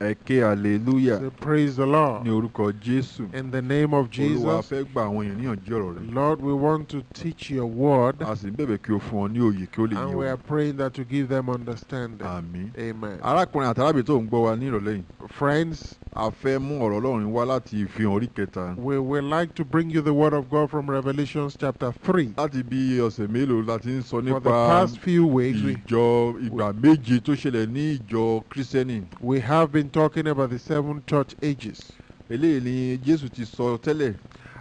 ẹ̀kẹ́ hallelujah. say praise the lord. ní orúkọ Jésù. in the name of Jesus. Olúwa fẹ́ gba àwọn èèyàn níyànjú ọ̀rọ̀ rẹ. Lord we want to teach your word. a sì ń bẹ̀bẹ̀ kí o fún ọ ní òye kí o lè yé ye and we are praying that you give them understanding. amen. arákùnrin tó ń gbọ́ wa ní ìrọ̀lẹ́ yìí. friends. a fẹ́ mú ọ̀rọ̀ Ọlọ́run wá láti ìfihàn orí kẹta. we would like to bring you the word of God from Revelation chapter three. láti bí ọ̀sẹ̀ mélòó la ti ń sọ nípa. for the past few weeks. ìjọ ìgbà méje tó ṣẹlẹ̀ ní ìjọ we have been talking about the seven church ages. eléyìí ni Jésù ti sọ tẹ́lẹ̀.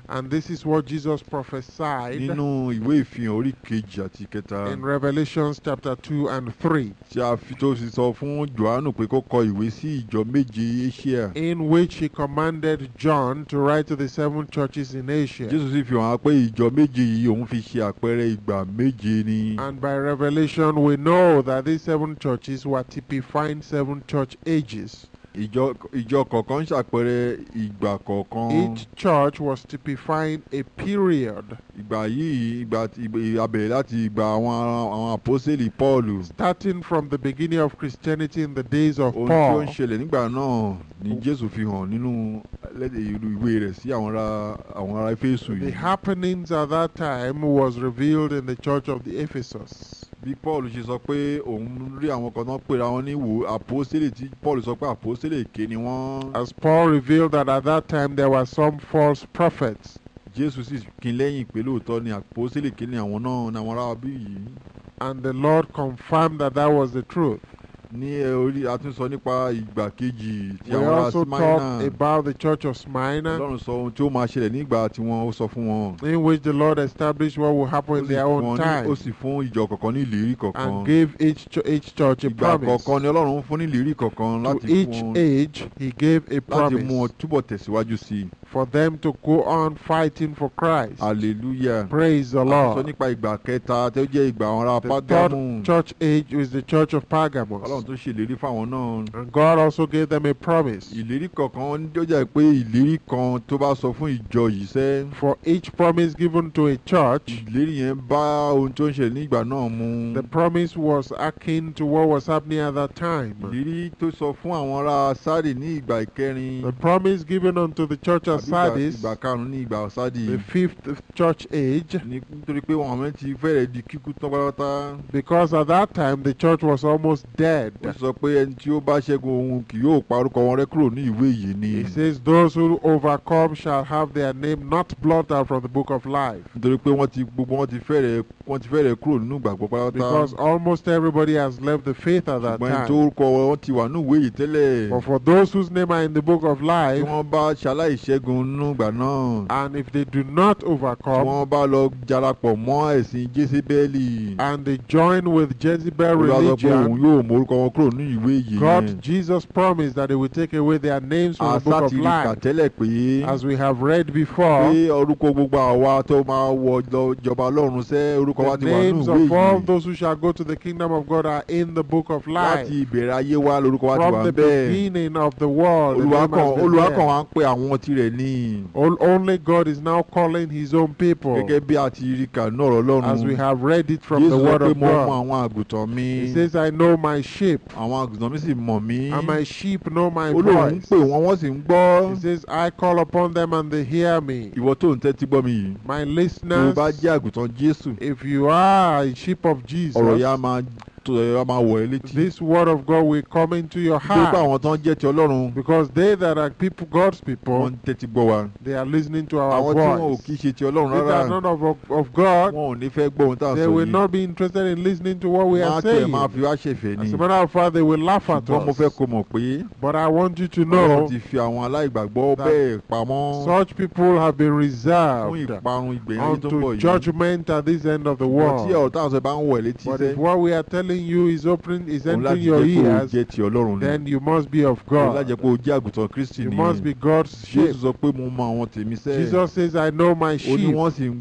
And this is what Jesus prophesied. Nínú ìwé ìfihàn orí kejì àti kẹta. In Revelations chapter two and three. Tí a sọ fún Jòhánù pé kó kọ ìwé sí ìjọ méje Asia. In which he commanded John to write to the seven churches in Asia. Jésù sì fi hàn pé ìjọ méje yìí òun fi ṣe àpẹẹrẹ ìgbà méje ni. And by Revelation we know that these seven churches were typifying seven church ages. Ìjọ ìjọ kọ̀ọ̀kan ṣàpẹẹrẹ ìgbà kọ̀ọ̀kan. Each church was typifying a period. Ìgbà yìí ìgbà ìbẹ̀rẹ̀ láti ìgbà àwọn àwọn àpọ́sẹ̀lì Paul. Starting from the beginning of Christianity in the days of Paul. Ohun tí ó ń ṣẹlẹ̀ nígbà náà ni oh. Jésù fi hàn nínú ìwé rẹ̀ sí àwọn ará àwọn ará Éfésù The happenings at that time was revealed in the church of the Ephesus bí Paul ṣe sọ pé òun rí àwọn kan tán pera wọn ní àpòsílẹ̀ tí Paul sọ pé àpòsílẹ̀ èké ni wọ́n. As Paul revealed that at that time there were some false prophets. Jesus sì kín lẹ́yìn pé lóòótọ́ ni àpòsílẹ̀ èké ni àwọn náà ni àwọn ará yìí. And the Lord confirmed that that was the truth ní eh, orí a nípa ìgbà kejì tí àwọn ará Smyrna. we also talk about the church of Smyrna. Ọlọ́run sọ ohun tí ó máa ṣẹlẹ̀ nígbà tí wọ́n sọ fún wọn. in which the Lord established what will happen in their own time. ó sì fún ìjọ kọ̀ọ̀kan ní ìlérí kọ̀ọ̀kan. and gave each, each church a promise. ìgbà kọ̀ọ̀kan ni Ọlọ́run fún ní ìlérí kọ̀ọ̀kan láti fún. to each age he gave a promise. láti mú wọn túbọ̀ tẹ̀síwájú sí i. for them to go on fighting for Christ. hallelujah. praise the Lord. a sọ nípa ìgbà kẹta tó church age is the church of Pergamos. Ọlọ́run tó ṣèlérí fáwọn náà. And God also gave them a promise. Ìlérí kọ̀ọ̀kan ó jẹ́ pé ìlérí kan tó bá sọ fún ìjọ yìí sẹ́. For each promise given to a church. Ìlérí yẹn bá ohun tó ń ṣẹlẹ̀ ní náà mu. The promise was akin to what was happening at that time. Ìlérí tó sọ fún àwọn ará Sárì ní ìgbà ìkẹrin. The promise given unto the church of Sardis. Ìgbà karùn-ún ní ìgbà Sárì. The fifth church age. Nítorí pé wọn àwọn ti fẹ́rẹ̀ di kíkú tán pátápátá. Because at that time the church was almost dead ó sọ pé ẹni tí ó bá ṣẹ́gun òun kì yóò pa wọn rẹ́ kúrò ní ìwé yìí ni. he says those who overcome shall have their name not blotted out from the book of life. nítorí pé wọ́n ti gbogbo wọn ti fẹ́rẹ̀ wọ́n ti fẹ́rẹ̀ kúrò nínú ìgbàgbọ́ pátápátá. because almost everybody has left the faith at that time. ṣùgbọ́n tó orúkọ wọn ti wà ní ìwé yìí tẹ́lẹ̀. but for those whose name are in the book of life. tí wọ́n bá ṣaláìṣẹ́gun nínú ìgbà náà. and if they do not overcome. tí wọ́n bá lọ jarapọ̀ mọ́ ẹ̀sìn Jésíbẹ́lì. and they join with Jezebel religion. olùwàsó pé òun yóò mú orúkọ orúkọ kúrò ní ìwé yìí. God Jesus promised that he would take away their names from the book of life. àṣà ti pé. as we have read before. pé orúkọ gbogbo àwa tó máa wọ ìjọba Ọlọ́run sẹ́ orúkọ wa ti wà ní ìwé yìí. the names of all those who shall go to the kingdom of God are in the book of life. láti ìbẹ̀rẹ̀ ayé wa lorúkọ wa ti wà bẹ́ẹ̀. from the beginning of the world. olùwàkàn olùwàkàn wa ń pe àwọn tirẹ̀ ní. only God is now calling his own people. gẹ́gẹ́ bí a ti rí kà náà Ọlọ́run. as we have read it from the word of God. Jésù sọ pé mo mọ àwọn àgùntàn mi. he says I know my sheep sheep. àwọn àgùntàn mi sì mọ̀ mí. and my sheep know my voice. olóhùn ń pè wọ́n wọ́n sì ń gbọ́. he says I call upon them and they hear me. ìwọ tó ń tẹ́tí gbọ́ mi yìí. my listeners. tó bá jẹ́ àgùntàn Jésù. if you are a sheep of Jesus. ọ̀rọ̀ yà máa this word of God will come into your heart. because they that are people God's people. they are listening to our voice. àwọn tí wọn ò kí ṣe ti they are not of, of God. they will not be interested in listening to what we are saying. as a matter of fact they will laugh at us. but I want you to know. that such people have been reserved. unto judgment at this end of the world. but if what we are telling telling you is opening is entering your ears then you must be of God. you must be God's sheep. Jesus says I know my sheep.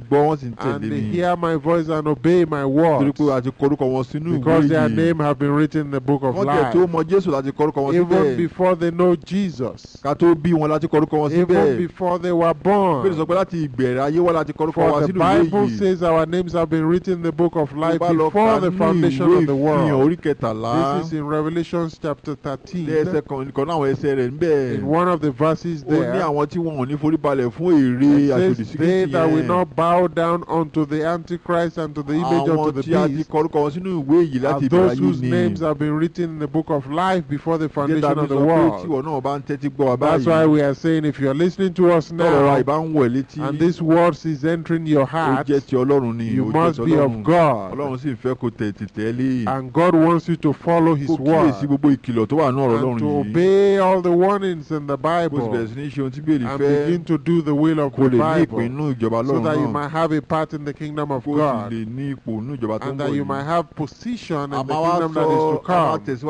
and they hear my voice and obey my word. because their name have been written in the book of life. even before they know Jesus. even before they were born. for the Bible says our names have been written in the book of life before the foundation of the world world. ìyẹn orí kẹtàlá. this is in Revelations chapter thirteen. ní ẹsẹ̀ kan nìkan náà ẹsẹ̀ rẹ̀ níbẹ̀. in one of the verses there. ó ní àwọn tí wọn ò ní forí balẹ̀ fún ère àṣòdì sí yẹn. says they that will not bow down unto the antichrist and to the image of the beast. àwọn tí a ti kọrúkọ wọn sínú ìwé yìí láti ìbẹ̀rẹ̀ ayé ni. are those whose names have been written in the book of life before the foundation of the world. tíwọ náà bá ń tẹ́tí gbọ́ wa báyìí. that's why we are saying if you are listening to us now. tọ́lọ̀ ìbá ń wẹ̀ létí. and this word is entering your heart. ó jẹ́ ti Ọlọ́run ni. you must be of God. Ọlọ́run sì fẹ́ kó tètè tẹ́lẹ̀ and God wants you to follow his word. and to obey all the warnings in the Bible. and begin to do the will of the Bible. so that you might have a part in the kingdom of God. and that you might have position in the kingdom that is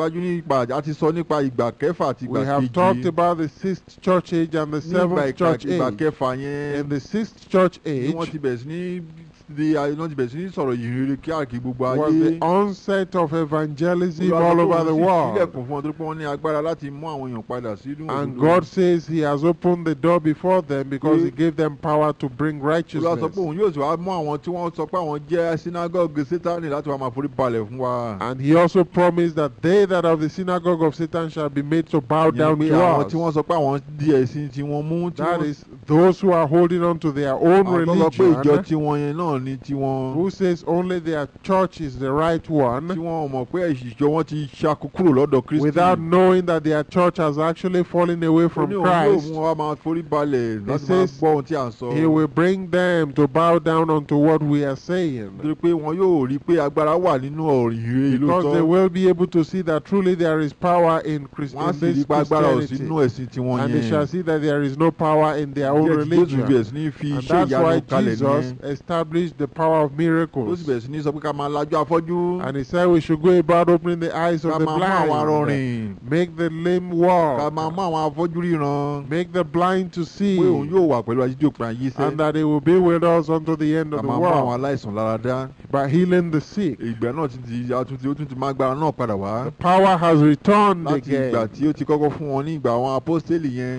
to come. we have talked about the sixth church age and the seventh church age. nígbà in the sixth church age ni iná bẹ̀rẹ̀ sí ní sọ̀rọ̀ ìrere káàkiri gbogbo ayé. was the onset of evangelism all over the world. ìgbà fún wọn tó ní agbára láti mú àwọn èèyàn padà sínú òdodo. and God says he has opened the door before them because he gave them power to bring righteousness. olùwàsọ pé òun yóò sọ wá mú àwọn tí wọ́n sọ pé àwọn jẹ́ synagogue Sátánì láti wá máa forí balẹ̀ fún wa. and he also promised that they that of the synagogue of Satan shall be made to bow down to us. àwọn tí wọ́n sọ pé àwọn di ẹ̀sìn tí wọ́n mú. that is those who are holding on to their own religion. àwọn ìjọ tiwọn yẹn náà náà ni tiwọn. who says only their church is the right one. tí wọn mọ̀ pé ìṣìṣọ́ wọn pe kúrò lodo Kristi. without knowing that their church has actually fallen away from Christ. òun yóò mú wa máa forí balẹ̀ láti máa gbọ́ ohun tí à ń sọ. he will bring them to bow down unto what we are saying. pé wọn yóò rí i pé agbára wà nínú ọ̀rìn ìlú because they will be able to see that truly there is power in Christianity. wọ́n á sì rí i pé agbára ò sí ẹ̀sìn tiwọn yẹn. and they shall see that there is no power in their own religion. and that's why Jesus established the power of miracles. and he said we should go about opening the eyes of the blind. make the lame walk. make the blind to see. and that it will be with us unto the end of the world. by healing the sick. the power has returned again.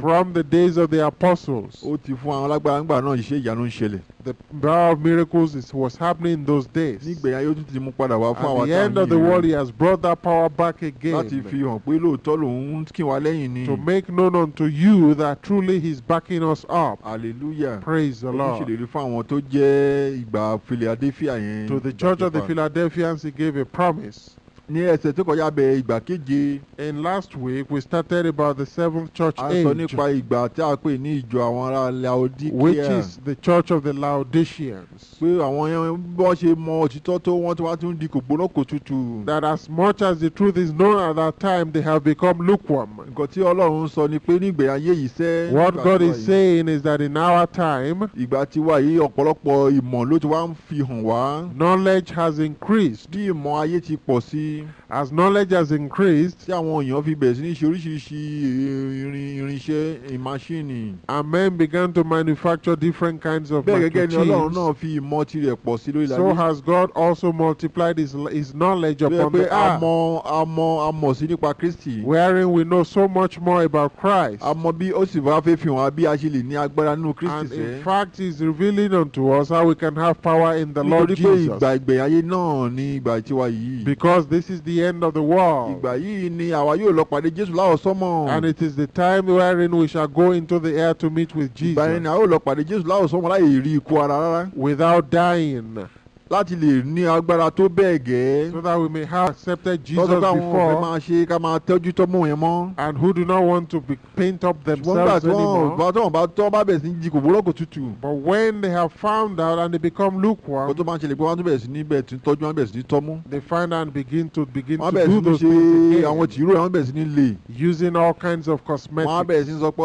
from the days of the apostles. the power of miracles miracles was happening in those days. nígbẹ̀yà yóò tún ti mú padà wá fún àwa tá a ní. at the end of the world he has brought that power back again. láti fi hàn pé lóòótọ́ lòun ń kí wa lẹ́yìn ni. to make known unto you that truly he is backing us up. hallelujah praise the lord. olùṣèlérí fún àwọn tó jẹ́ ìgbà Philadelphia yẹn. to the church of the Philadelphians he gave a promise ní ẹsẹ̀ tó kọjá bẹ̀ ìgbà keje. in last week we started about the seventh church age. a sọ nípa ìgbà tí a pè ní ìjọ àwọn ará Laodicea. which is the church of the Laodiceans. pé àwọn yẹn bọ́n ṣe mọ òtítọ́ tó wọ́n tí wọ́n ti ń di kò gbóná kò tutù. that as much as the truth is known at that time they have become lukewarm. nǹkan tí Ọlọ́run sọ ni pé ní ìgbẹ̀yà ayé yìí sẹ́. what God is saying is that in our time. ìgbà tí wà yìí ọ̀pọ̀lọpọ̀ ìmọ̀ ló ti wá ń fi hàn wá. knowledge has increased. bí ìmọ̀ ayé ti pọ̀ sí as knowledge has increased. tí àwọn èèyàn fi bẹ̀rẹ̀ sí ní ṣe oríṣiríṣi eh, irin irinṣẹ́ ìmáṣínì. Eh, and men began to manufacture different kinds of machines. bẹ́ẹ̀ gẹ́gẹ́ ni ọlọ́run náà fi ìmọ̀ tirẹ̀ pọ̀ sí lórí ìlànà. so has God also multiplied his, his knowledge upon the earth. bẹ́ẹ̀ pé àmọ́ àmọ́ àmọ̀ sí nípa Kristi. wherein we know so much more about Christ. àmọ́ bí ó sì bá fẹ́ fi hàn bí a ṣe lè ní agbára nínú Kristi sẹ́. and in fact he is revealing unto us how we can have power in the Lord Jesus. nítorí pé ìgbà ìgbẹ̀yàyé náà ni ìgbà tiwa yìí. because this this is the end of the world. Ìgbà yìí ni àwa yóò lọ pàdé Jésù And it is the time wherein we shall go into the air to meet with Jesus. Ìgbà ni yóò lọ pàdé Jésù láì rí ikú ara rárá. Without dying. láti lè ní agbára tó bẹ́ẹ̀ gẹ́. so that we may have accepted Jesus before. tọ́jú àwọn ọ̀fẹ́ máa ṣe ká máa tọ́jú tọ́mọ yẹn mọ́. and who do not want to be paint up themselves anymore. ṣùgbọ́n tí wọ́n bá bá bẹ̀rẹ̀ sí ní jí kò tútù. but when they have found out and they become lukewarm. kó máa ń ṣẹlẹ̀ pé wọ́n tún bẹ̀rẹ̀ sí ní bẹ̀rẹ̀ tún tọ́jú wọn bẹ̀rẹ̀ sí ní tọ́mú. they find out and begin to begin to do those things again. using all kinds of cosmetics. wọ́n bẹ̀rẹ̀ sí ní sọ pé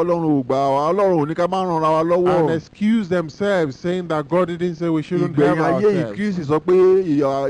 ọlọ́run and excuse themselves saying that God didn't say we shouldn't help ourselves. ìgbẹ̀yìn Moses sọ pé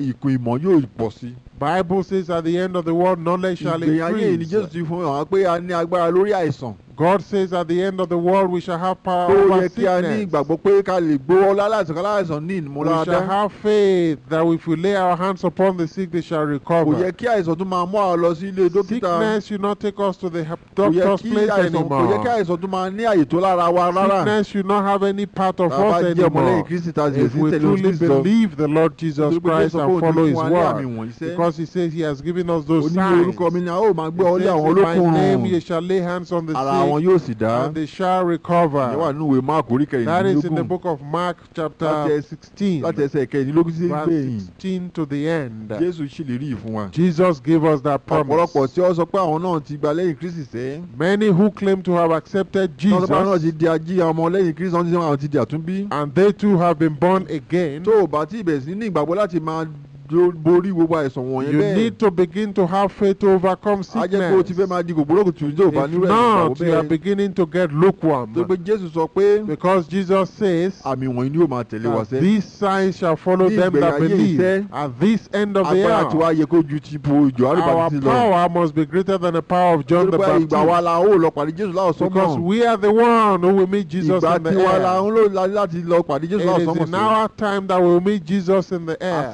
ìkún ìmọ̀ yóò pọ̀ sí Bible says at the end of the world knowledge shall increase. ìgbìyànjú ìní Jésù ti fún wa pé a ní agbára lórí àìsàn. God says at the end of the world we shall have power over sickness. Ó yẹ kí a ní ìgbàgbọ́ pé ká lè gbowó láláìsàn láláìsàn ní ìmúláradá. We shall have faith that if we lay our hands upon the sick they shall recover. Kò yẹ kí àìsàn tún máa mú àwọn lọ sí ilé dókítà. Sickness should not take us to the doctor's place anymore. Kò yẹ kí àìsàn tún máa ní àyè tó lára wa rárá. Sickness should not have any part of us anymore. If we truly believe the Lord Jesus Christ and follow his word. Because he says he has given us those signs. Oní orúkọ mi ni a ó máa gbé ọlé àwọn olókùnrin. He says in my name you shall lay hands on the sick àwọn yóò sì dá. and they shall recover. ìyẹn wà nínú ìwé mark orí kẹrìndínlógún. that is in the book of mark chapter sixteen. láti ẹsẹ̀ kẹrìndínlógún sí ìgbẹ̀yìn. verse sixteen to the end. jésù ṣèlérí fún wa. jesus gave us that promise. ọ̀pọ̀lọpọ̀ tí ó sọ pé àwọn náà ti gba lẹ́yìn kristi sẹ́. many who claim to have accepted jesus. tọ́lọ́pàá náà ti di ají ọmọ lẹ́yìn kristi wọ́n ti di àtúnbí. and they too have been born again. tó o bá ti bẹ̀rẹ̀ sí ní ìgbàgbọ́ láti máa borí gbogbo àìsàn wọ̀nyẹn bẹ́ẹ̀. you need to begin to have faith to overcome sickness. ajẹ́ pé o ti fẹ́ máa di kòkòrò kùtù tó bá nírú ẹ̀sìn ìyàwó bẹ́ẹ̀. if not you are beginning to get lukewarm. tó pé Jésù sọ pé. because Jesus says. àmì wọ̀nyí ni yóò máa tẹ̀lé wa sẹ́. these signs shall follow them that believe at this end of the year. agbára tiwa yẹ kó ju ti po Jòhánù Bàtìsì lọ. our power must be greater than the power of John the Baptist. ìgbà wa la ó lọ pàdé Jésù láwọn sọ́mọ̀. because we are the one who will meet Jesus in the air. ìgbà tiwa la ń lọ pàdé Jésù láwọn sọ́mọ̀ it is in our time that we will meet Jesus in the air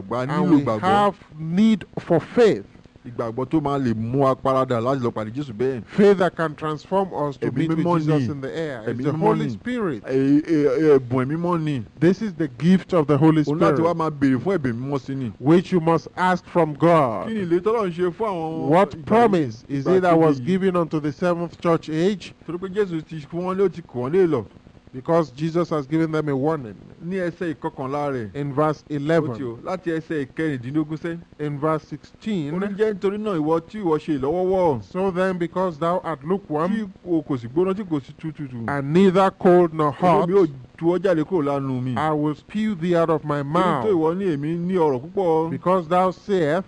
ìgbàgbọ́ a nílò ìgbàgbọ́. and we have need for faith. Ìgbàgbọ́ tó máa lè mú wa paradà láti lọ pàdé Jésù bẹ́ẹ̀. Faith that can transform us to meet with Jesus in the air. It's the Holy Spirit. Ẹ̀bùn ẹ̀mí mímọ́ ni. This is the gift of the Holy Spirit. Òun láti máa béèrè fún ẹ̀bùn mímọ́ sí ni. Which you must ask from God. Kí ni ìlérí tọ́lọ́run ṣe fún àwọn. What promise is it that was given unto the seventh church age? Torí pé Jésù ti fún wọn lé ó ti kù wọ́n lé lọ because Jesus has given them a warning. ní ẹsẹ̀ ìkọkànlá rẹ̀. in verse eleven. ó ti o láti ẹsẹ̀ ìkẹrìndínlógún sẹ́. in verse sixteen. ó ní jẹ́ nítorí náà ìwọ tí ìwọ ṣe ìlọ́wọ́wọ́. so then because thou art lukewarm. tí o kò sì gbóná tí kò sì tútù. and neither cold nor hot. èmi yóò tu ọ jáde kúrò lánàá mi. I will spew thee out of my mouth. nítorí ìwọ ní èmi ní ọ̀rọ̀ púpọ̀. because thou sayest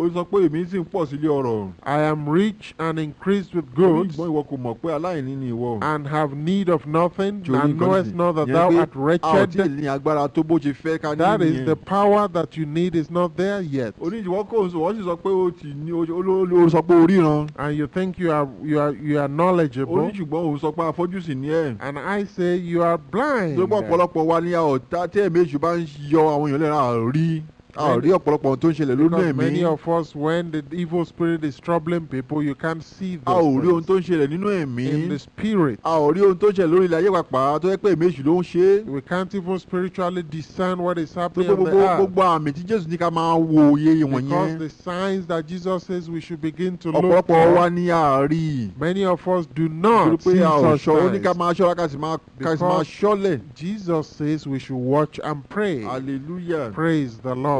ó sọ pé èmi sì ń pọ̀ sílé ọrọ̀. I am rich and increased with goods. ṣùgbọ́n ìwọ kò mọ̀ pé aláìní ni ìwọ. and have need of nothing. jòlí nǹkan sí and knowest not that thou art wretched. yẹn tí ì agbára tó bó ṣe fẹ́ ká ní ìyẹn. that is the power that you need is not there yet. oníjìwọ́ kò sọ wọ́n sì sọ pé o ti ní o sọ pé o and you think you are you are you are knowledgeable. oníṣùgbọ́n òun sọ pé afọ́jú sì ẹ̀. and I say you are blind. tó gbọ́ ọ̀pọ̀lọpọ̀ wa ní ọ̀tá tí a rí ọ̀pọ̀lọpọ̀ ohun tó ń ṣẹlẹ̀ lónú ẹ̀mí. because many of us when the evil spirit is troubling people you can't see the a ò rí ohun tó ń ṣẹlẹ̀ nínú ẹ̀mí. in the spirit. a ò rí ohun tó ń ṣẹlẹ̀ lórí ilẹ̀ ayé pàpà tó yẹ pé èmi èṣù ló ń ṣe. we can't even spiritually discern what is happening so, the earth. gbogbo àmì tí Jésù ní ká máa wo iye ìwọ̀n because the signs that Jesus says we should begin to look for. ọ̀pọ̀lọpọ̀ wa ni a rí. many of us do not see such signs. because Jesus says we should watch and pray. praise the Lord.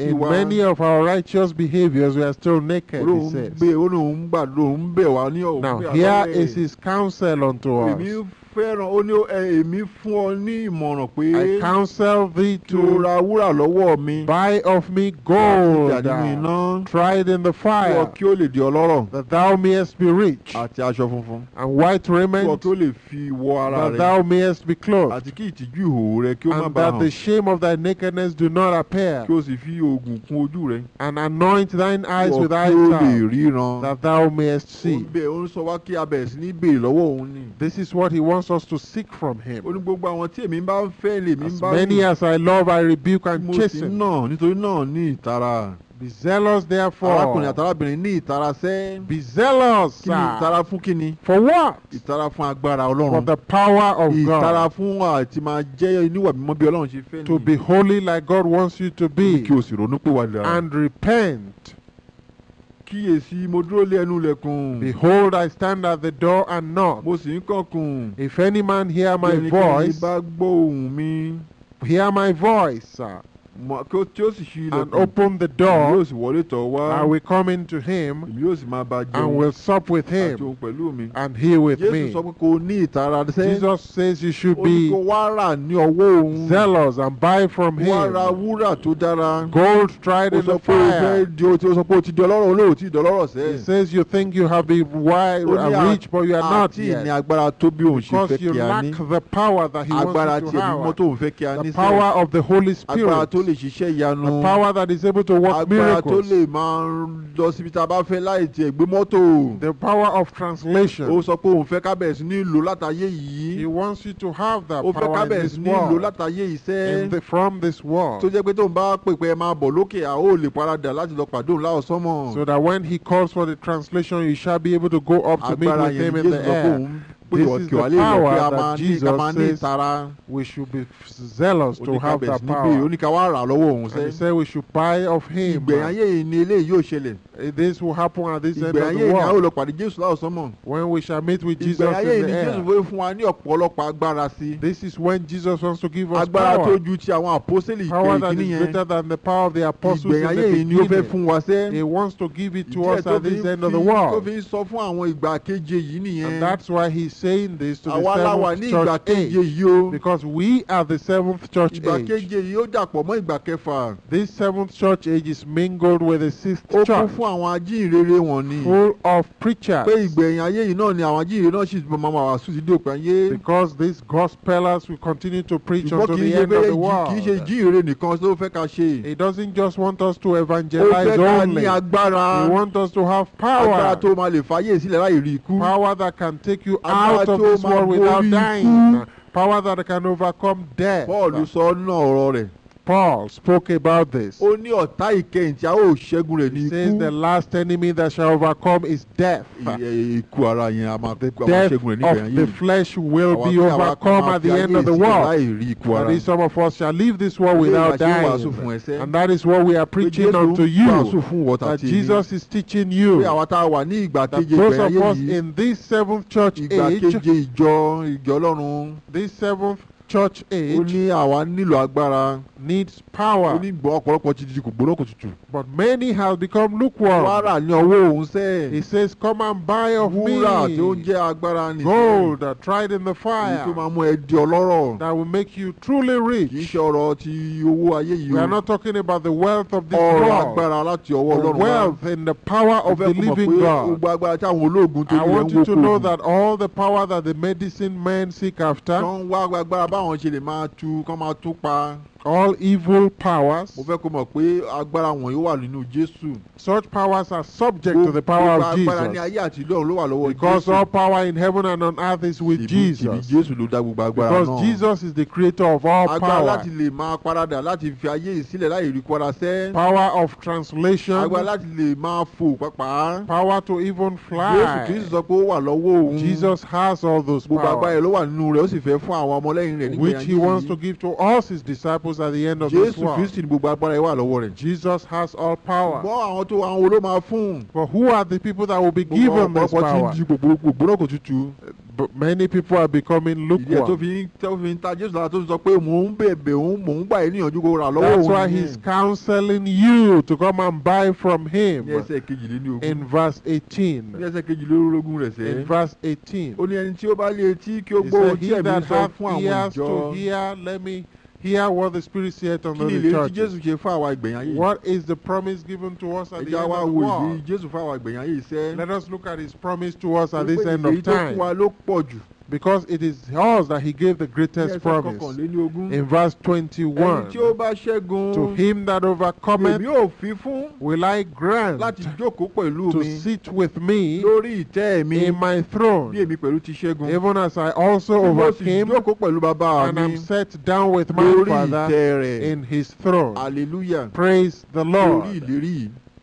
wa sí wa. in many of our righteous behaviors, we are still naked he says. now here is his counsel unto us fẹ́ràn ó ní èmi fún ọ ní ìmọ̀ràn pé. I counsel thee to. ra wúrà lọ́wọ́ mi. Buy of me gold. àti àdínú iná. Tried in the fire. wọ́n kí o lè di ọlọ́rọ̀. That thou mayest be rich. àti aṣọ funfun. and white raiment. wọ́n kí lè fi wọ ara rẹ. That thou mayest be clothed. àti kí ìtìjú ìhòòhò rẹ kí o má bàa hàn. And that the shame of thy nakedness do not appear. kí o sì fi oògùn kún ojú rẹ. And anoint thine eyes with eye salve. wọ́n kí o lè ríran. That thou mayest see. ó ń sọ wá kí a sí ní bèè lọ́wọ́ òun ni. This is what he wants wants us to seek from him. ó gbogbo àwọn tí èmi bá ń fẹ́ lèmi bá lù. as many as I love I rebuke and chasten. mo sì náà nítorí náà ní ìtara. Be zealous therefore. arákùnrin àtàrábìnrin ní ìtara sẹ́. Be zealous sir. kí ni ìtara fún kí ni. for what? ìtara fún agbára Ọlọ́run. for the power of God. ìtara fún àti máa jẹ́ oníwà mímọ́ bí Ọlọ́run ṣe fẹ́ ni. to be holy like God wants you to be. kí o sì ronú pé wà lára. and repent kíyèsí mo dúró lé ẹnu ilẹ̀kùn. behold I stand at the door and knock. mo sì ń kọ̀kùn. if any man hear my voice. ẹnikẹ́ni bá gbọ́ mi. hear my voice. Sir mo kí ó tí ó sì ṣí ilẹ̀kùn. and open the door. yóò sì wọlé tọ̀ wá. I will come into him. yóò sì máa bá jẹun. and will sup with him. àti òun pẹ̀lú mi. and he with me. Jésù sọ pé kò ní ìtara sẹ́. Jesus says you should be. olùkọ́ ní ọwọ́ òun. zealous and buy from him. wá wúrà tó dára. gold tried in the fire. o sọ pé o fẹ́ di o ti o sọ pé o ti di ọlọ́rọ̀ olóò ti di ọlọ́rọ̀ sẹ́. He says you think you have been wide and rich but you are not yet. àti ní agbára tó bí òun ṣe fẹ́ kí a ní. because you lack the power that he wants to have. agbára tiẹ̀ mímọ́ tó òun fẹ́ kí a ní sẹ́. the power of the Holy Spirit. agbára tó lè ṣiṣẹ́ ìyanu. a power that is able to work miracles. agbára tó lè máa lọ síbi tá a bá fẹ́ láì tiẹ̀ gbé mọ́tò. the power of translation. ó sọ pé òun fẹ́ ká sí ní lò látàyè yìí. he wants you to have that power in this world. ó fẹ́ ká sí ní lò látàyè iṣẹ́. in the from this world. tó jẹ́ pé tóun bá pèpè ẹ máa bọ̀ lókè a ó lè paradà láti lọ pàdé òun láòsán mọ̀. so that when he calls for the translation you shall be able to go up to meet with him in the air. agbára yẹn ni Jésù sọ pé òun This is the power that Jesus kí a máa we should be zealous to have that power. And he said we should buy of him. Eh, this will happen at this end of the world. ìgbẹ̀yìn ìnáwó lọ pàdé Jésù láwùsàn mọ̀. when we shall meet with Jesus in the air. ìgbẹ̀yìn ni Jésù fún wa ní ọ̀pọ̀lọpọ̀ agbára sí. this is when Jesus wants to give us power. agbára tó ju ti àwọn àpọ́sẹ̀lì ìkẹyìn kìíní yẹn. power that is greater than the power of the apostles in the beginning. ìgbẹ̀yìn ó fẹ́ fún wa sẹ́. he wants to give it to us at this end of the world. tó fi sọ fún àwọn ìgbà keje yìí nìyẹn. and that's why he is saying this to the seventh church age. because we are the seventh church age. ìgbà keje yìí ó this seventh church age is mingled with the sixth church fún àwọn ajínrere wọn ni. full of preachers. pé ìgbẹ̀yìn ayé yìí náà ni àwọn ajínrere náà sì máa máa wàásù sí dòpin ayé. because these gospelers will continue to preach until the end of the world. kì í ṣe jínrere nìkan ló fẹ́ ká ṣe. he doesn't just want us to evangelize only. ó fẹ́ ká ní agbára. he wants us to have power. agbára tó máa lè fàyè sílẹ̀ láì rí ikú. power that can take you out of this world without dying. power that can overcome death. paul sọ ọ́ nínú ọ̀rọ̀ rẹ̀. Paul spoke about this. Ó ní ọ̀tá ìkẹyìn tí a rẹ̀ ní ikú. He says the last enemy that shall overcome is death. Ikú ara yẹn a máa ṣẹ́gun rẹ̀ nígbẹ̀yìn. The death of the flesh will be overcome at the end of the world. That is some of us shall leave this world without dying. And that is what we are preaching unto you. That Jesus is teaching you. That those of us in this seventh church age. This seventh church age. ó ní àwa nílò agbára. needs power. ó ní gbọ́ ọ̀pọ̀lọpọ̀ ti kò gbóná kò tutù. but many have become lukewarm. wàrà ni ọwọ́ òun sẹ́. he says come and buy of me. wúrà tí ó jẹ́ agbára nìkan. gold that tried in the fire. èyí tó máa mú ẹ ọlọ́rọ̀. that will make you truly rich. kì í ṣe ọ̀rọ̀ ti owó ayé yìí. we are not talking about the wealth of this world. ọ̀rọ̀ agbára láti ọwọ́ ọlọ́run. wealth in the power of the living God. I want you to know that all the power that the medicine men seek after báwọn ṣe lè máa tú kán máa tú pa all evil powers. mo fẹ́ kó mọ̀ pé agbára wọn wà nínú Jésù. such powers are subject to the power of Jesus. gbogbo agbára ní ayé àti lọ́run ló wà lọ́wọ́ Jésù. because all power in heaven and on earth is with Jesus. kìbí Jésù ló dá gbogbo agbára náà. because Jesus is the creator of all power. agbára láti lè máa paradà láti fi ayé ìsílẹ̀ láì rí padà sẹ́. power of translation. agbára láti lè máa fò pàpà. power to even fly. Jésù kìí sọ pé ó wà lọ́wọ́ òun. Jesus has all those powers. gbogbo agbára yẹn ló wà nínú rẹ̀ ó sì fẹ́ fún àwọn ọmọlẹ́yìn rẹ̀ nígbà yẹn. which he wants to give to us his disciples devils at the end of Jesus this world. Jésù Kristi ni gbogbo agbára yẹn lọ́wọ́ rẹ̀. Jesus has all power. Gbọ́ àwọn tó àwọn olóò máa fún But who are the people that will be given this power? Gbogbo ọ̀pọ̀ ti di gbogbo kò tutù. But many people are becoming lukewarm. Ìyẹn tó fi ń tó fi ń ta Jésù lára tó sọ pé mò ń bẹ̀bẹ̀ mò ń gbà yín níyànjú kó rà lọ́wọ́ òun. That's why he's is counseling you to come and buy from him. Ní ẹsẹ̀ kejìlélógún. In verse eighteen. Ní ẹsẹ̀ kejìlélógún rẹ̀ sẹ́. In verse eighteen. Ó ní ẹni tí ó bá lé etí kí ó gbọ́ ohun ẹ̀mí sọ fún àwọn ìjọ. He said he that hath ears to hear let me. Hear what the Spirit saith unto the church. What is the promise given to us at the end of the world? Let us look at his promise to us at this end of time. because it is us that he gave the greatest promise in verse 21 to him that overcometh will I grant to sit with me in my throne even as I also overcame and am set down with my father in his throne hallelujah praise the Lord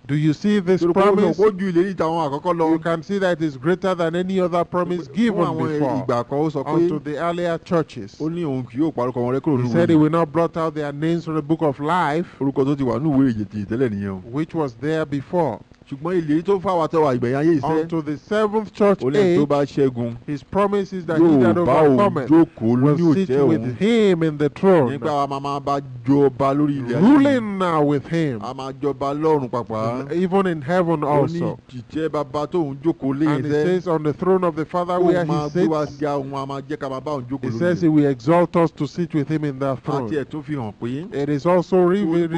Do you see this promise? You can see that it is greater than any other promise given before unto the earlier churches. He said he will not blot out their names from the book of life, which was there before ṣùgbọ́n ìlérí tó fáwọn àtọwà ìgbẹ̀yìn ayé iṣẹ́. unto the seventh church age. olè tó bá ṣẹ́gun. his promise is that he that overcometh will sit with him in the throne. nígbà wa máa bá jọba lórí ilẹ̀ ayé. ruling now with him. a máa jọba lọ́run pàpà. even in heaven also. ó ní ìjìjẹ́ bàbá tóun jókòó lé iṣẹ́. E and he says on the throne of the father where he sits. ó máa gbé wa sí àwọn àmà jẹ́ ká máa bá òun jókòó lórí ilẹ̀. he says he will exalt us to sit with him in that throne. àti ẹ̀ fi hàn pé. it is also revealed.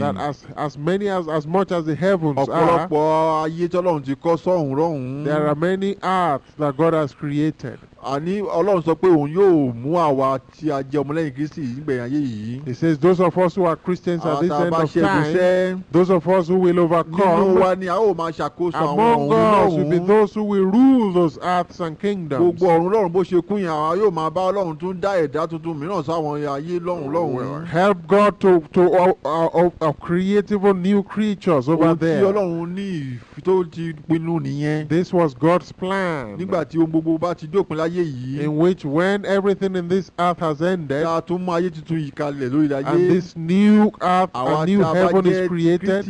that as as many as as much as the heavens are. ọ̀pọ̀lọpọ̀ ayé tọ́lọ́run ti kọ́ sọ́hùn rọ́hùn. there are many earths that God has created àní ọlọ́run sọ pé òun yóò mú àwa tí a jẹ́ ọmọlẹ́yìn kristi ìgbẹ̀yìn ayé yìí. he says those of us who are Christians at this end of time those of us who will overcome. nínú wa ni a ó máa ṣàkóso àwọn ọ̀run among us will be those who will rule those earths and kingdoms. gbogbo ọ̀run lọ́run bó ṣe kún yẹn àwa yóò máa bá ọlọ́run tún dá ẹ̀dá tuntun mìíràn sáwọn ayé lọ́run lọ́run. help God to to uh, uh, uh, create even new creatures over o there. ohun tí ọlọ́run ní tó ti pinnu nìyẹn. this was God's plan. nígbà tí ohun gbogbo bá ti dópin láyé ayé yìí. in which when everything in this earth has ended. ta tún mú ayé tuntun yìí kalẹ̀ lórí ayé. and this new earth and new heaven is created.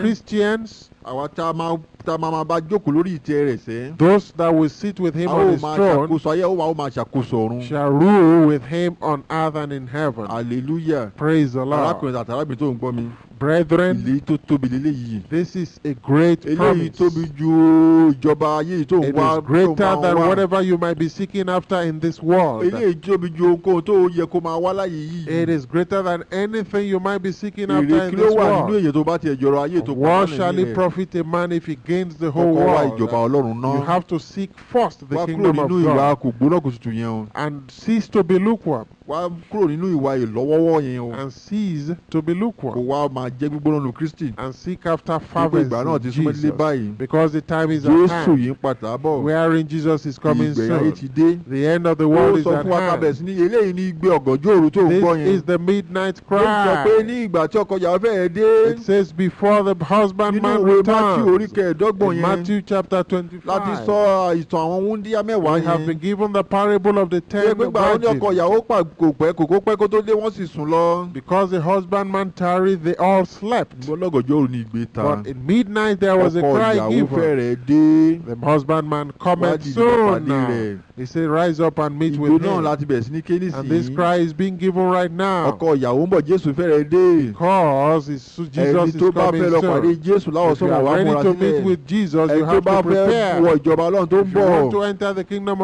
Christians àwa tá a máa tá a máa bá jókòó lórí ìtẹ́ rẹ̀ sẹ́. those that will sit with him on his throne. àwọn máa ṣàkóso ayé àwọn àwọn máa ṣàkóso ọ̀run. shall rule with him on earth and in heaven. hallelujah. praise the lord. arákùnrin àti arábìnrin tó ń gbọ́ mi. brethren. ilé tó tóbi lélẹ́yìí. this is a great promise. eléyìí tóbi ju ìjọba ayé tó ń wá. it is greater than whatever you might be seeking after in this world. eléyìí tóbi ju ohunkóhun tó yẹ kó máa wá láyé yìí. it is greater than anything you might be seeking after in this world. ìrèké ló wà nínú èyí tó bá tiẹ̀ jọrọ ayé tó pọ̀ profit a man if he gains the whole world. kọ́kọ́ wá ìjọba ọlọ́run náà. you have to seek first the kingdom of God. wá kúrò nínú ìwà kò gbóná kò tutù yẹn o. and cease to be lukewarm wá kúrò nínú ìwà ìlọ́wọ́wọ́ yẹn o. and cease to be lukewarm. kò wá máa jẹ́ gbígbóná nu Kristi. and seek after fervency Jesus. gbogbo ìgbà náà ti súnmọ́ báyìí. because the time is at hand. Jésù yìí ń padà bọ̀. wherein Jesus is coming soon. ìgbẹ̀yìn ti dé. the end of the world is at hand. ó sọ fún wa kábẹ̀ sí ní eléyìí ní igbe ọ̀gànjọ́ òru tó ń gbọ́ yẹn. this is the midnight cry. ó sọ pé ní ìgbà tí ọkọ yàrá fẹ́ẹ́ dé. it says before the husband man returns. nínú ìwé Matthew chapter twenty-five. have been given the parable of the ten virgins kò pẹ́ kò pẹ́ kó tó dé wọ́n sì sùn lọ. because the husbandman tarry, they all slept. gbọ́lọ́gọ̀jọ́ ò ní igbe ta. but at midnight there was a cry given. ọkọ the husbandman cometh soon now. he say rise up and meet with me. ìgbó láti bẹ̀rẹ̀ sí ní kéde and this cry is being given right now. ọkọ ìyàwó ń bọ̀ Jésù fẹ́rẹ̀ dé. because Jesus is coming soon. ẹni tó bá fẹ́ lọ pàdé Jésù láwọ̀ sọ́wọ́ wà á sílẹ̀. if you are ready to meet with Jesus you have to prepare. ẹni tó bá fẹ́ wọ ìjọba Ọlọ́run tó ń bọ̀. if you want to enter the kingdom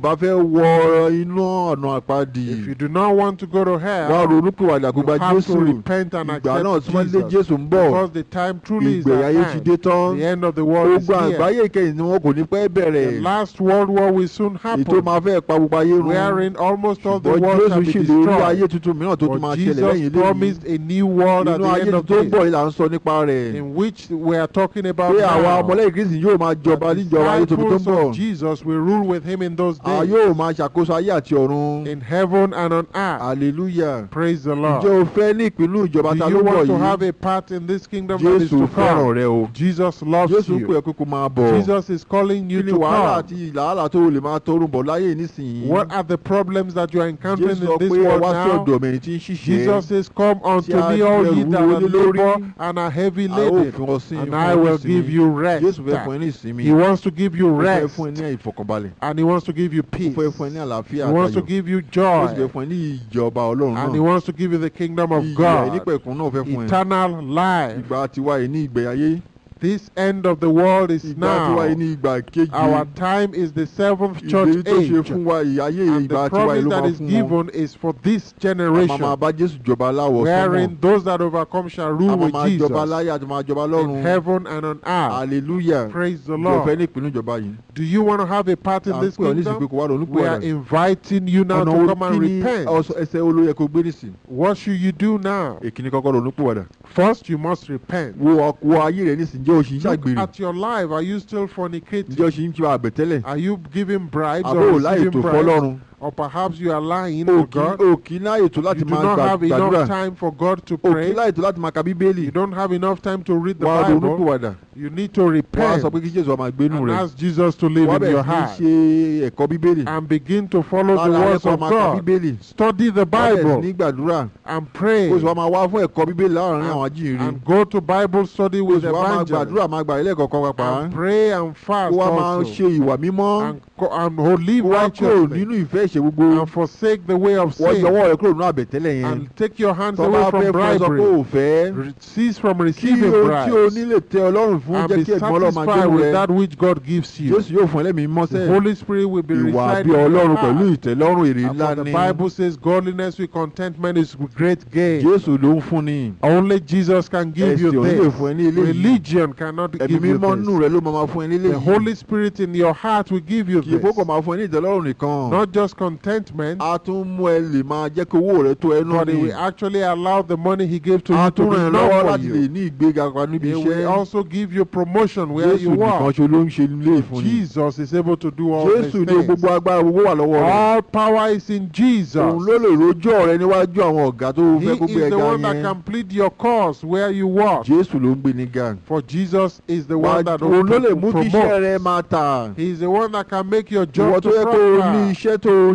of God wọ iná ọ̀nà àpáàdì. if you do not want to go to hell. wá ronúpìwàdà kó gba jésù ìgbà náà tí wọ́n lé jésù ń bọ̀. because the time truly is at hand. ìgbẹ̀yà ayé ti dé tán. the end of the world is here. ogun àgbáyé ìkẹyìn ni wọn kò ní pẹ́ bẹ̀rẹ̀. the last world war will soon happen. ètò máa fẹ́ pa gbogbo ayé run. wherein almost all the world shall be destroyed. but jésù sì lè rí ayé tuntun mìíràn tó tún máa ṣẹlẹ̀ lẹ́yìn lẹ́yìn. but Jesus promised a new world at the end of this. inú ayé in which we are talking about now. pé àwa ọmọlẹ́yìn kristi yóò máa tuntun tó ń bọ̀. Jesus will rule with him in those days máa ṣàkóso ayé àti ọ̀run. in heaven and on earth. hallelujah. praise the lord. ǹjẹ́ o fẹ́ ní ìpínlẹ̀ ìjọba ta ló wọ̀ yìí. do you want to have a part in this kingdom Jesus that is to come. Jésù fẹ́ràn rẹ o. Jesus loves you. Jésù pè é pé kó máa bọ̀. Jesus is calling you to come. kí ni wàhálà àti làálàá tó lè máa tọrùn bọ̀ láyé nísìnyí. what are the problems that you are encountering in this world now? Jésù sọ pé wá sí ọ̀dọ̀ mẹ́rin ń ṣiṣẹ́. Jesus says come unto me all ye that are labour and are heavy laden and I will give you rest. Jésù fẹ́ fún ẹ ní ìsinmi. He wants to give you rest. Ó fẹ́ fún ẹ ní ìfọkànbalẹ̀. and he wants to give you peace fún ẹ ní àlàáfíà he wants to give you joy. ó sì fẹ́ fún ẹ ní ìjọba ọlọ́run and he wants to give you the kingdom of God. ìyè nípẹ̀kun náà fẹ́ fún ẹ. eternal life. ìgbà tiwa yìí ní ìgbé ayé. This end of the world is now. Our time is the seventh church age. And the promise that is given is for this generation. Wherein those that overcome shall rule with Jesus in heaven and on earth. Hallelujah. Praise the Lord. Do you want to have a part in this kingdom? We are inviting you now to come and repent. What should you do now? First, you must repent ǹjẹ́ o ṣì ń ṣàgbèrè. look at your life are you still fornicating. ǹjẹ́ o ṣì ń ṣe àgbẹ̀tẹ́lẹ̀. are you giving bribes or receiving bribes. àbò láì tó fọlọ́run or perhaps you are lying to God. o kì í láàyè láti máa gbàdúrà. you do not have enough time for God to pray. o kì í láàyè tó láti máa ka bíbélì. you don't have enough time to read the Bible. wàá ronú kúwàdà. you need to repent. wàá sọ pé kí Jésù máa gbénu rẹ. and ask Jesus to live in your heart. wàá bẹ̀rẹ̀ ṣe ẹ̀kọ́ bíbélì. and begin to follow the words of God. study the Bible. and pray. oṣù wa máa wá fún ẹ̀kọ́ bíbélì láàárín àwọn ajíhìnrere. and go to Bible study with evangelist. oṣù wa máa gbàdúrà máa gbà ilé ẹ̀kọ́ kan and pray and fast also. kó wa máa ṣe ìwà mímọ́. and, and live ṣe gbogbo. and forsake the way of sin. wọ́n yọwọ́ rẹ kúrò nínú àbẹ̀tẹ́lẹ̀ yẹn. and take your hands so away from bribery. tọ́ba fẹ́ fún ọ sọ fẹ́. cease from receiving bribes. kí o tí o nílé tẹ ọlọ́run fún jẹ́ kí ẹ̀gbọ́n ọlọ́run máa jẹ́ rẹ. and be satisfied with that which God gives you. Jésù yóò fún ẹlẹ́mìí mọ́sẹ̀. the Holy Spirit will be residing your heart. ìwà bí ọlọ́run pẹ̀lú ìtẹ́lọ́rùn èrè ńlá ni. the Bible says godliness with contentment is great gain. Jésù ló ń fún ni. only Jesus can give you this. ẹ̀sìn ò ní ilé yìí. religion cannot give you this. ẹ̀mí mímọ́ nù rẹ ló máa fún ẹ ní ilé yìí. the Holy Spirit in your heart will give you this. kì í fọ́kàn máa fún ẹ ní ìtẹ́lọ́rùn nìkan. not just contentment. a tún mú ẹ lè máa jẹ́ kí owó rẹ tó ẹnu ni. but actually allow the money he gave to you to be known for you. a tún ràn lọ́wọ́ láti lè ní ìgbéga kan níbi iṣẹ́. they will also give you promotion where you work. Jésù nìkan ṣe ló ń ṣe ilé ìfúnni. Jesus is able to do all these things. Jésù ní gbogbo agbára gbogbo wà lọ́wọ́ rẹ̀. all power is in Jesus. òun ló lè rojọ́ rẹ níwájú àwọn ọ̀gá tó fẹ́ gbogbo ẹ̀gá yẹn. he is the one that can plead your cause where you work. Jésù ló ń gbé ní gang. for Jesus is the one that will promote. òun ló lè mú kí iṣẹ́ rẹ máa tà. he is the one that can make your job to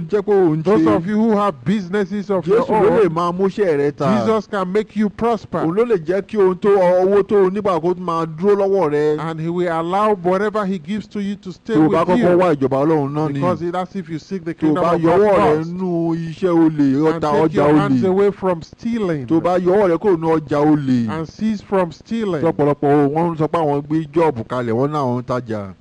jẹ́ kó o ń ṣe. those of you who have businesses of your own. Jésù ló lè máa múṣẹ́ rẹ ta. Jesus can make you prosper. òun ló lè jẹ́ kí ohun tó owó tó o máa dúró lọ́wọ́ rẹ. and he will allow whatever he gives to you to stay with you. tó o bá kọ́kọ́ wá ìjọba Ọlọ́run náà ni. because that's if you seek the kingdom of God. tó o bá yọwọ́ rẹ nú iṣẹ́ olè ọjà olè. and take your hands away from stealing. tó o bá yọwọ́ rẹ kúrò nú ọjà olè. and cease from stealing. lọ́pọ̀lọpọ̀ wọ́n sọ pé àwọn gbé jọ́ọ̀bù kalẹ̀ wọ́n náà ń tajà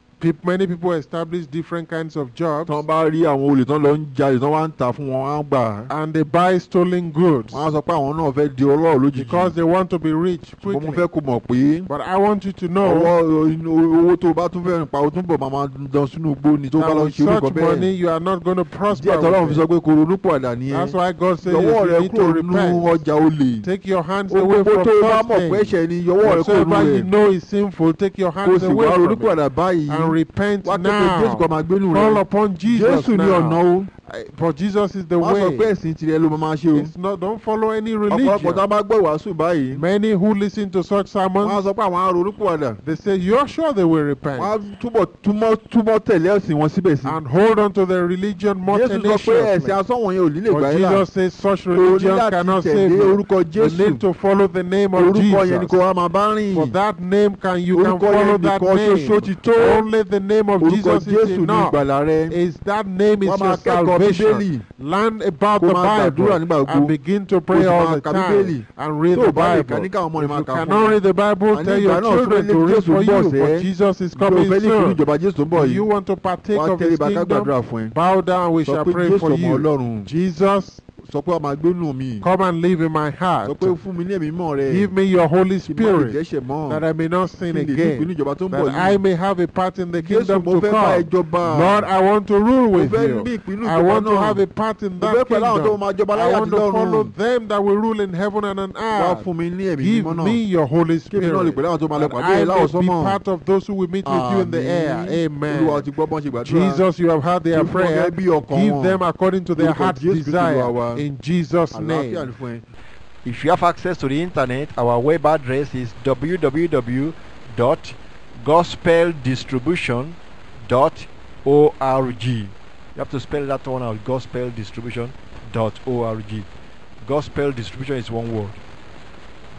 many people establish different kinds of jobs. tán bá rí àwọn olè lọ ń jalè tán wá ń ta fún wọn á gbà. and they buy stolen goods. wọ́n á sọ pé àwọn náà fẹ́ di ọlọ́rọ̀ lójijì. because they want to be rich quickly. mo fẹ́ kó mọ̀ pé. but I want you to know. ọwọ́ owó tó o bá tún fẹ́ pa o tún bọ̀ máa dán sínú igbó ni tó bá lọ ṣe orúkọ bẹ́ẹ̀. with such money you are not going to prosper. díẹ̀ tọ́lá òun fi sọ pé kò ronú pọ̀ àdá ni. that's why God says you need to repent. yọwọ́ rẹ kúrò nínú ọjà take your hands away from false things. gbogbo tó o bá mọ̀ pé ni yọwọ́ rẹ kúrò nínú rẹ̀. kò sì wá ronú pọ̀ àdá báyìí repent now. call upon Jesus now. For Jesus is the way. it's not don't follow any religion. many who listen to such sermons. they say you are sure they will repent. and hold on to their religion more Jesus tenaciously. but Jesus says such religion cannot save you. you need to follow the name of Jesus. for that name can you can follow that name. only proclaimeth the name of Jesus is enough. Is that name is your salvation. Learn about the Bible and begin to pray all the time and read the Bible. If you cannot read the Bible, tell your children to read for you, for Jesus is coming soon. If you want to partake of his kingdom, bow down, we shall pray for you. Jesus sọ pé ọmọ agbónú mi. come and live in my heart. sọ pé fún mi ní ẹ̀mí mọ́ rẹ. give me your holy spirit. that I may not sin again. that I may have a part in the kingdom to come. Lord I want to rule with you. I want to have a part in that kingdom. I want to follow them that will rule in heaven and on earth. give me your holy spirit. that I may be part of those who will meet with you in the air. Amen. Jesus you have heard their prayer. Give them according to their heart's desire in Jesus' name. If you have access to the internet, our web address is www.gospeldistribution.org. You have to spell that one out gospeldistribution.org. Gospel distribution is one word.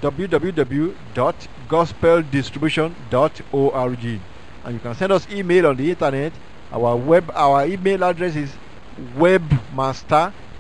www.gospeldistribution.org. And you can send us email on the internet. Our web our email address is webmaster